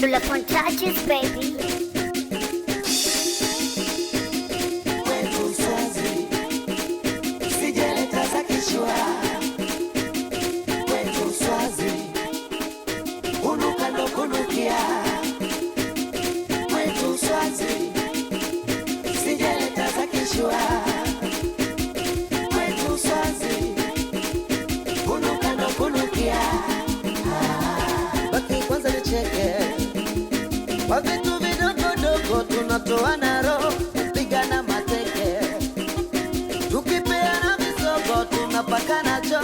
Müller von Touches, Baby. ukipeana visogo tunapaka nacho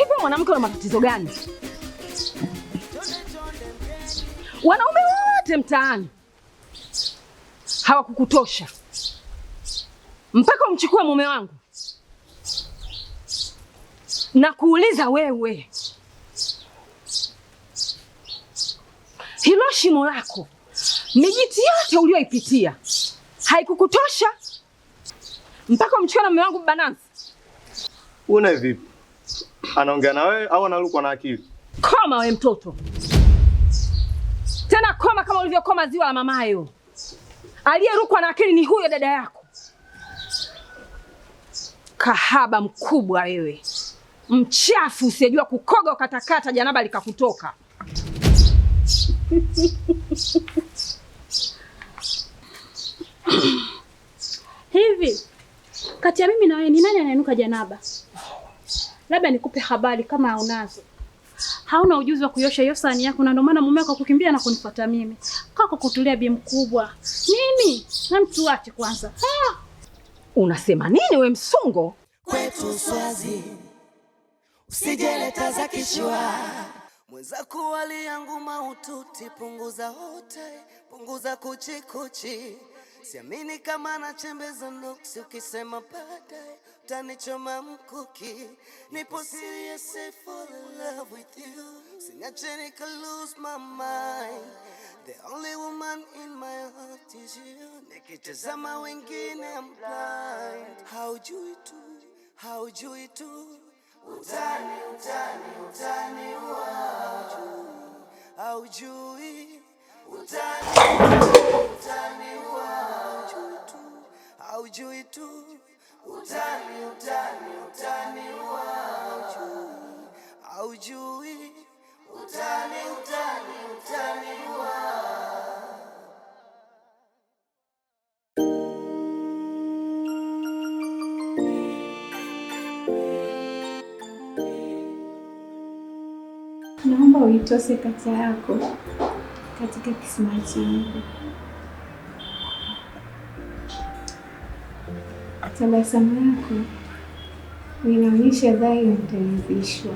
Hivi mwanamke una matatizo gani? Wanaume wote mtaani hawakukutosha mpaka umchukue mume wangu? Na kuuliza wewe, hilo shimo lako mijiti yote uliyoipitia haikukutosha mpaka umchukue na mume wangu banansi Una vipi? Anaongea na wewe au analukwa na akili? Koma we mtoto tena, koma kama ulivyokoma ziwa la mamayo. Aliyerukwa na akili ni huyo dada yako. Kahaba mkubwa wewe, mchafu usiyejua kukoga, ukatakata janaba likakutoka. Hivi kati ya mimi na wewe ni nani anayenuka janaba? labda nikupe habari kama unazo. Hauna ujuzi wa kuiosha hiyo sahani yako, na ndio maana mume wako kukimbia na kunifuata mimi. Kaka kutulia bi mkubwa nini, na mtu ache kwanza. Ah! Unasema nini we msungo? Kwetu swazi usijeleta za kishwa mwenzaku waliyangu maututi, punguza hote, punguza kuchi. siamini kama nachembeza nuksi ukisema baadaye Tani choma mkuki, nipo serious for love with you, siniacheni ka lose my mind, the only woman in my heart is you, nikitazama wengine I'm blind, how you haujui tu, haujui tu, utani utani utani how wangu, haujui utani utani how wangu, haujui tu utani, utani, utani wa aujui utani, utani, utani wa naomba uitose kata yako katika kisima changu. Tabasamu yako linaonyesha dhahiri nitaridhishwa.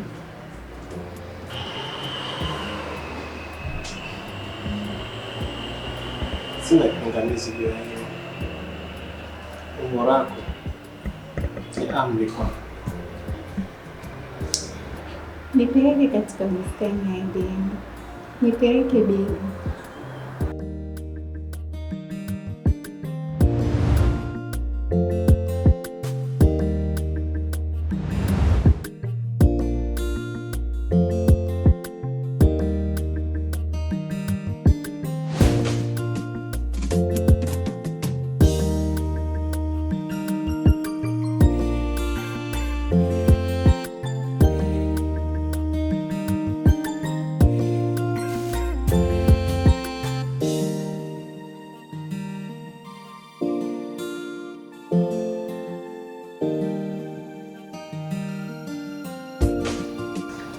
Sina kipingamizi juu ya hiyo. Umbo lako ni amri kwako. Nipeleke katika bustani ya Edeni, nipeleke bibi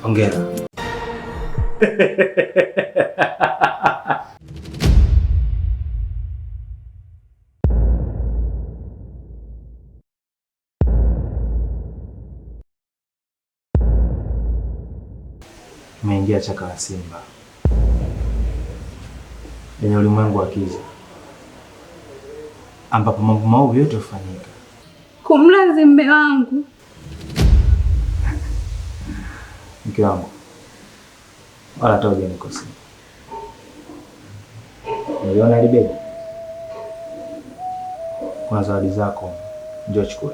Hongera. Umeingia chaka la simba yenye ulimwengu wa kiza, ambapo mambo maovu yote hufanyika kumlazi mme wangu mke wangu, wala hata hujanikosea. Uliona libegi? Kuna zawadi zako, njoo chukua.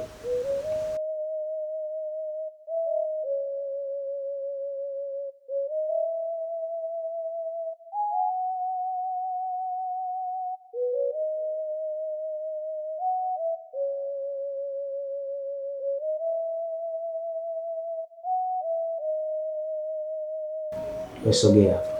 isso guiava.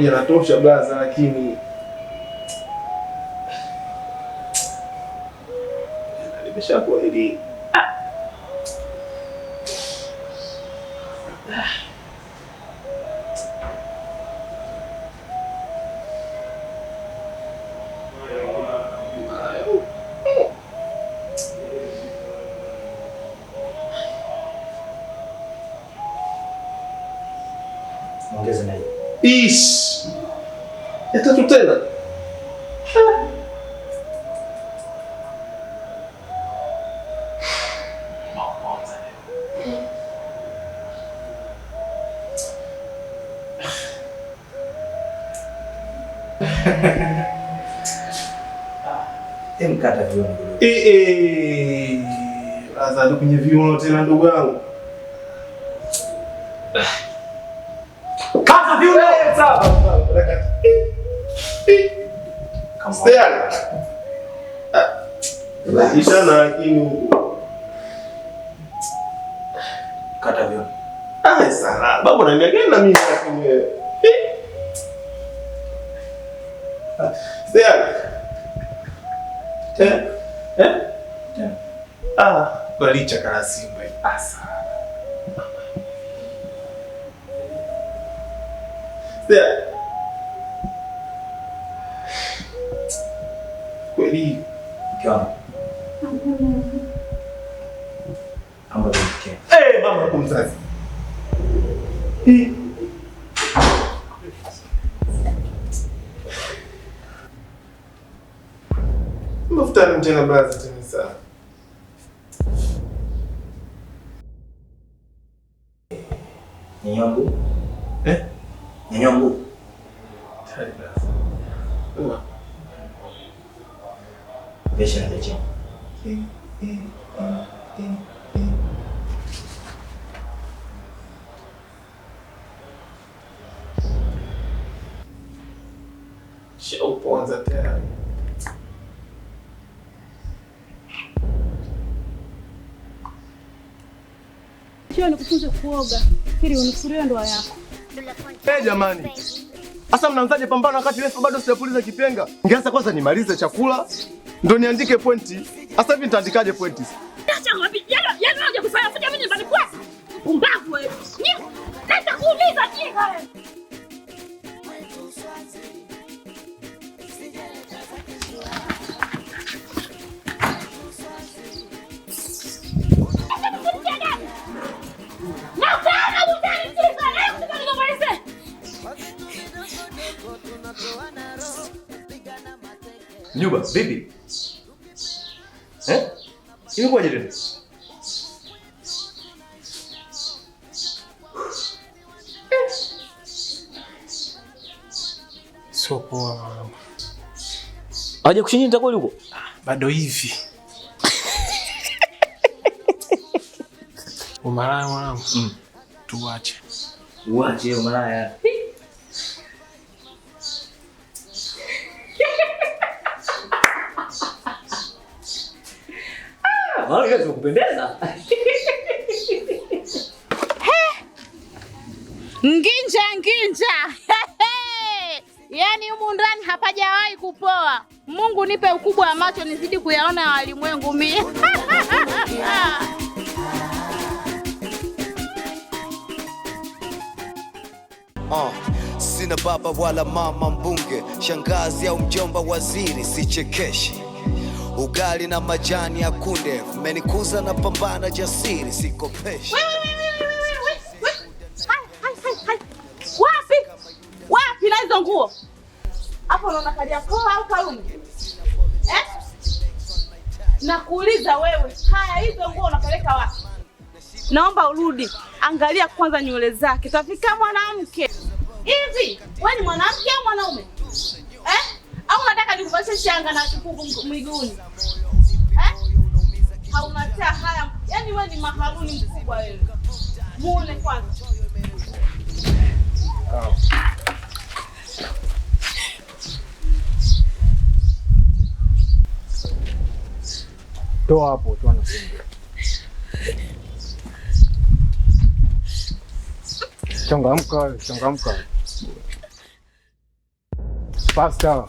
moja natosha blaza, lakini nimesha kweli Peace ya tatu tena Mkata viuno kwenye viuno tena, ndugu yangu, kata viuno Kishana lakini kata vyo. Ah, sala. Babu ananiambia gani na mimi lakini wewe. Sasa. Tena. Eh? Ah, kwa kana Simba. Ah, sala. Sasa. kweli mke wangu? mama yako mzazi. Mafutani tena basi tena sana. Nyanyangu? Eh? Nyanyangu? natakiwa nikufunze kuoga ili unusurie ndoa yako. Hey, jamani, sasa mnaanzaje pambano wakati refu bado sijapuliza kipenga? Ngeanza kwanza nimalize chakula ndo niandike pointi. Sasa hivi nitaandikaje pointi? Yaani, yaani wewe. Nataka kuuliza Juba vipi eh? Ilikuwaje tena? Sio poa mama. Aje kushinyi kweli huko? Ah, bado hivi. Umalaya mwanangu. Mm. Tuache. Uache umalaya. maana Nginja nginja, yaani humu ndani hapajawahi kupoa. Mungu nipe ukubwa wa macho nizidi kuyaona walimwengu mie. Oh, ah, sina baba wala mama mbunge, shangazi au mjomba waziri, sichekeshi ugali na majani ya kunde, mmenikuza na pambana jasiri, sikopeshi. Wapi wapi na hizo nguo hapo, unaona Kariakoo au Karume eh? Nakuuliza wewe, haya hizo nguo unapeleka wapi? Naomba urudi, angalia kwanza nywele zake. Tafika mwanamke hivi, wewe ni mwanamke au mwanaume? au nataka nikuvalishe shanga na chukuku miguuni eh? Haunatia haya, yaani wewe ni maharuni mkubwa wewe. Muone kwanza toa hapo toa na changamka, changamka Pasta.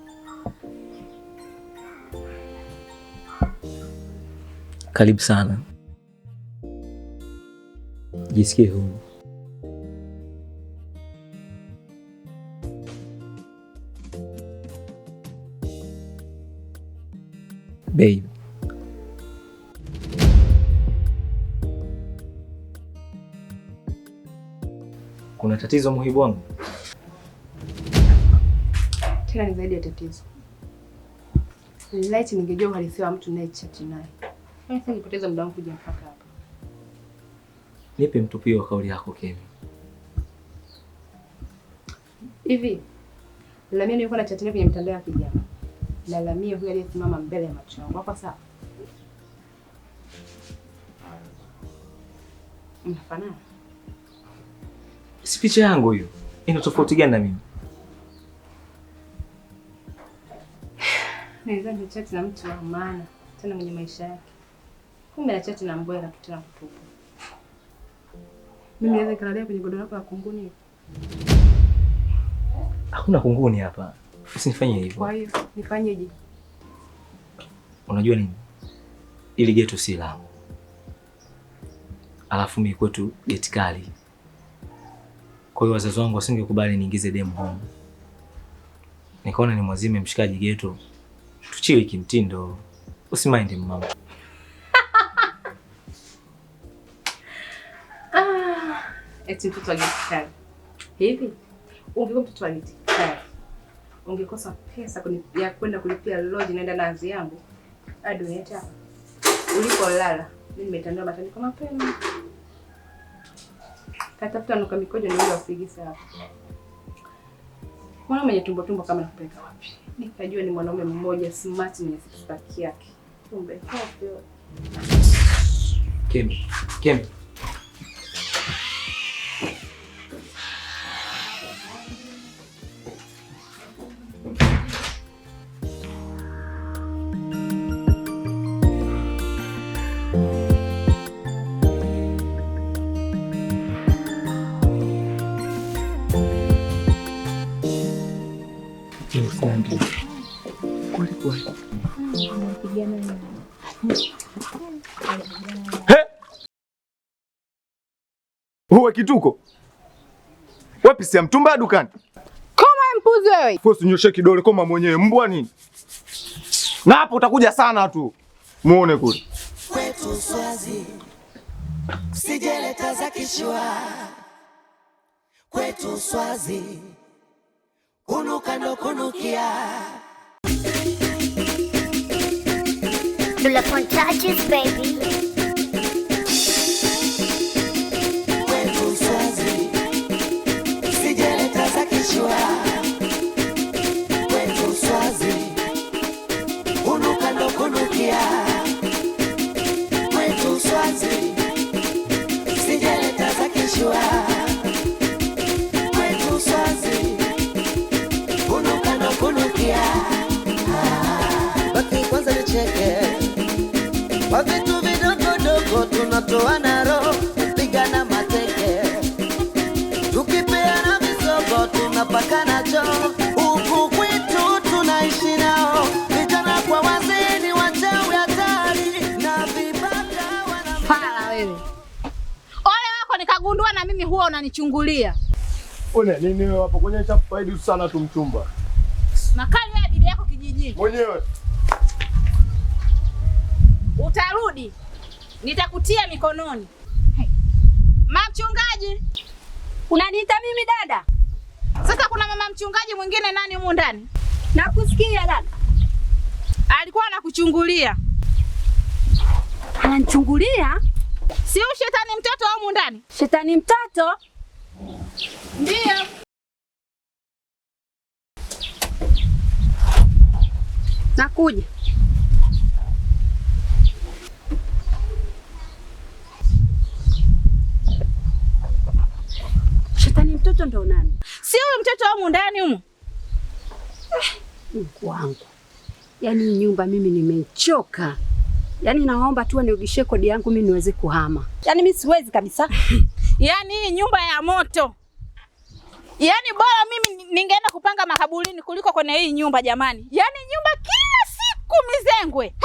Karibu sana, jisikie huu Babe, kuna tatizo muhibu wangu? Tena ni zaidi ya tatizo. Laiti ningejua uhalisia wa mtu naye chat naye sasa nipoteza muda wangu kuja mpaka hapa. Nipe mtupio wa kauli yako Kemi. Hivi Lamia nilikuwa na chatini kwenye mtandao ya kijamii. Na Lamia huyo aliyesimama mbele ya macho yangu. Kwa sababu Mnafanana. Si picha yangu hiyo. Ina tofauti gani na mimi? Naweza ni chat na mtu wa maana tena mwenye maisha yake. Kumbe na chati na mbwela tu tena kutupa. Mimi naweza nikalalia kwenye godoro lako la kunguni. Hakuna kunguni hapa. Usinifanye hivyo. Kwa hiyo nifanyeje? Unajua nini? Ili geto si langu. Alafu mimi kwetu geti kali. Kwa hiyo wazazi wangu wasingekubali niingize demu home. Nikaona ni mwazime mshikaji geto. Tuchiwe kimtindo. Usimaindi mama. eti eh, mtoto wa kidaktari. Hivi ungekuwa mtoto wa kidaktari, ungekosa pesa ya kwenda kulipia lodge naenda nazi yangu hadi uniete hapa ulipolala. Mimi nimetandua matandiko mapema, katafuta nuka mikojo ni nienda kusigisa hapa. Mwana mwenye tumbo tumbo kama nakupeleka wapi? Nikajua ni mwanaume mmoja smart mwenye staki yake. Kumbe. Kim. Kim. Uwe kituko. pisi ya mtumba dukani? Koma mpuzi wewe. Fosi nyoshe kidole koma mwenyewe mbwa nini? Na hapo utakuja sana tu. Muone kule. Kwetu Swazi. Sijeleta za kishwa. Kwetu Swazi. Kunuka ndo kunukia. Baby. kuchungulia. Una nini wewe hapo? Kwenye faidi sana tumchumba. Makali wewe bibi yako kijijini. Mwenyewe. Utarudi. Nitakutia mikononi. Hey. Mama mchungaji. Unaniita mimi dada? Sasa kuna mama mchungaji mwingine nani humu ndani? Nakusikia dada. Alikuwa anakuchungulia. Ananichungulia? Sio shetani mtoto humu ndani? Shetani mtoto? Ndio. Nakuja. Shetani mtoto ndo nani? Si huyu mtoto wa mundani humo eh, Mungu wangu. Yaani nyumba mimi nimechoka. Yaani naomba tu anirudishie kodi yangu mimi niweze kuhama. Yaani mimi siwezi kabisa. Yaani hii nyumba ya moto. Yaani bora mimi ningeenda kupanga makaburini kuliko kwenye hii nyumba jamani. Yaani nyumba kila siku mizengwe.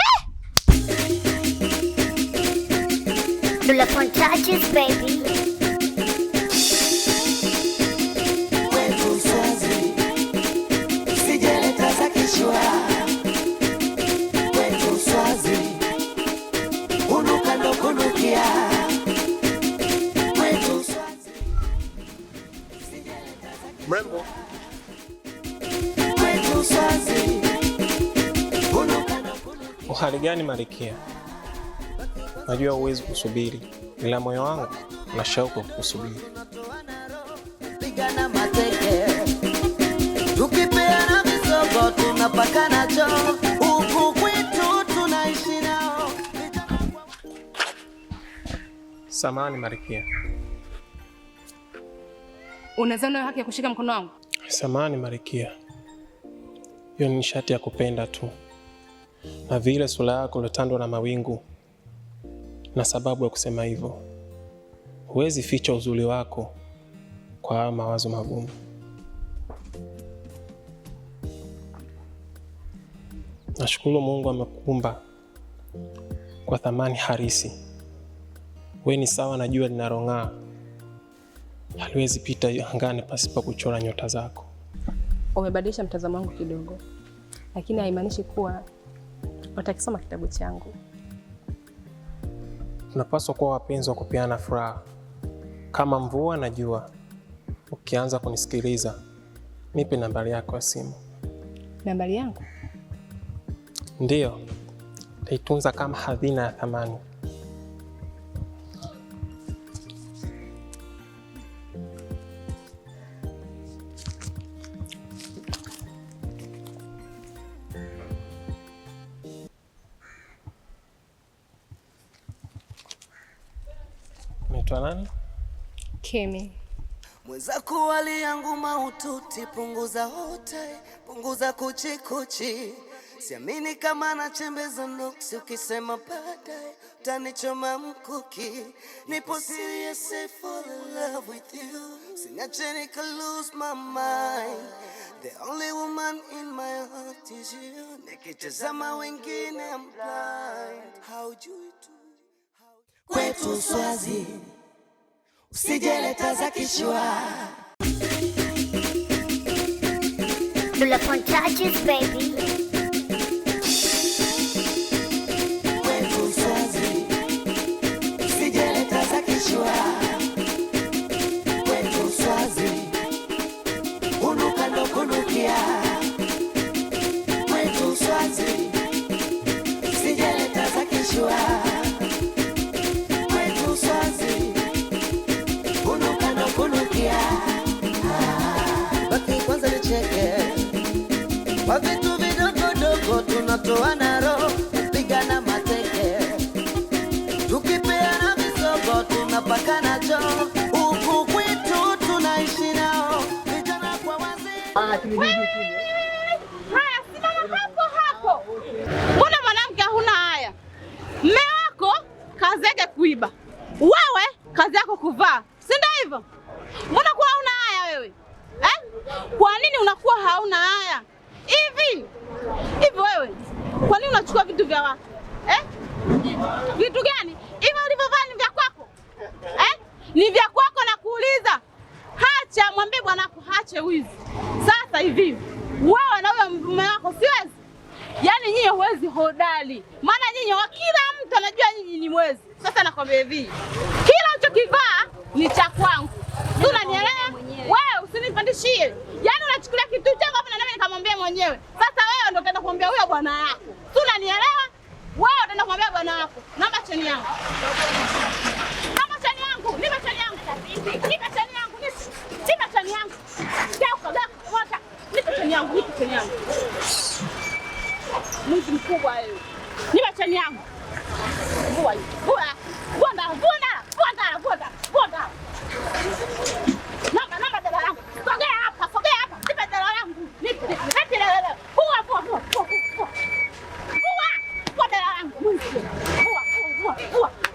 Hey! mrembo. Uhali gani Malikia? Najua huwezi kusubiri, ila moyo wangu na shauku kusubiri. Samani Malikia. Unazana haki ya kushika mkono wangu? Samani Marikia, hiyo ni nishati ya kupenda tu, na vile sura yako iliyotandwa na mawingu, na sababu ya kusema hivyo, huwezi ficha uzuri wako kwa hayo mawazo magumu. Nashukuru Mungu amekuumba kwa thamani harisi We ni sawa na jua linalong'aa haliwezi pita angani pasipo kuchora nyota zako. Umebadilisha mtazamo wangu kidogo, lakini haimaanishi kuwa watakisoma kitabu changu. Tunapaswa kuwa wapenzi wa kupeana furaha kama mvua na jua. Ukianza kunisikiliza, nipe nambari yako ya simu. Nambari yangu? Ndiyo, taitunza kama hazina ya thamani. unaitwa nani? Kimi. Mwenzako wali yangu mahututi, punguza hote, punguza kuchi kuchi. Siamini kama na chembe za nuksi, ukisema baadaye utanichoma mkuki. Nipo serious for love with you, sinache ka lose my mind. The only woman in my heart is you. Nikitazama wengine I'm blind. How Haujui tu. Kwetu Swazi. Sijeleta za kishwa. Dula Pontaches, baby. toana roho, pigana mateke, tukipeana misogo tunapakana choo huku kwetu tunaishi nao vijana kwa wazee. Ah, Mbona mwanamke huna haya? Mme wako kazi yake kuiba, wewe kazi yako kuvaa, si ndio hivyo? Mbona kuwa huna haya wewe eh? Kwa nini unakuwa hauna haya hivi hivi wewe kwa nini unachukua vitu vya watu eh? Vitu gani hivyo ulivyovaa ni vya kwako eh? Ni vya kwako na kuuliza. Hacha, mwambie bwanako hache wizi sasa hivi. Wewe na huyo mume wako siwezi, yaani nyinyi huwezi hodari, maana nyinyi wa kila mtu anajua nyinyi ni mwezi. Sasa nakwambia hivi, kila uchokivaa ni cha kwangu, si unanielewa? Wewe usinipandishie, yaani unachukulia kitu changu hapa na nikamwambia mwenyewe sasa wewe ndio utaenda kumwambia huyo bwana yako. Si unanielewa? Wewe utaenda kumwambia bwana yako. Naomba cheni yangu. Naomba cheni yangu. Nipe cheni yangu. Nipe cheni yangu. Nipe cheni yangu. Nipe cheni yangu. Nipe cheni yangu. Mwizi mkubwa wewe. Nipe cheni yangu. Vua. Vua. Vua. Vua. Vua. Vua. Vua. 不玩不玩不玩不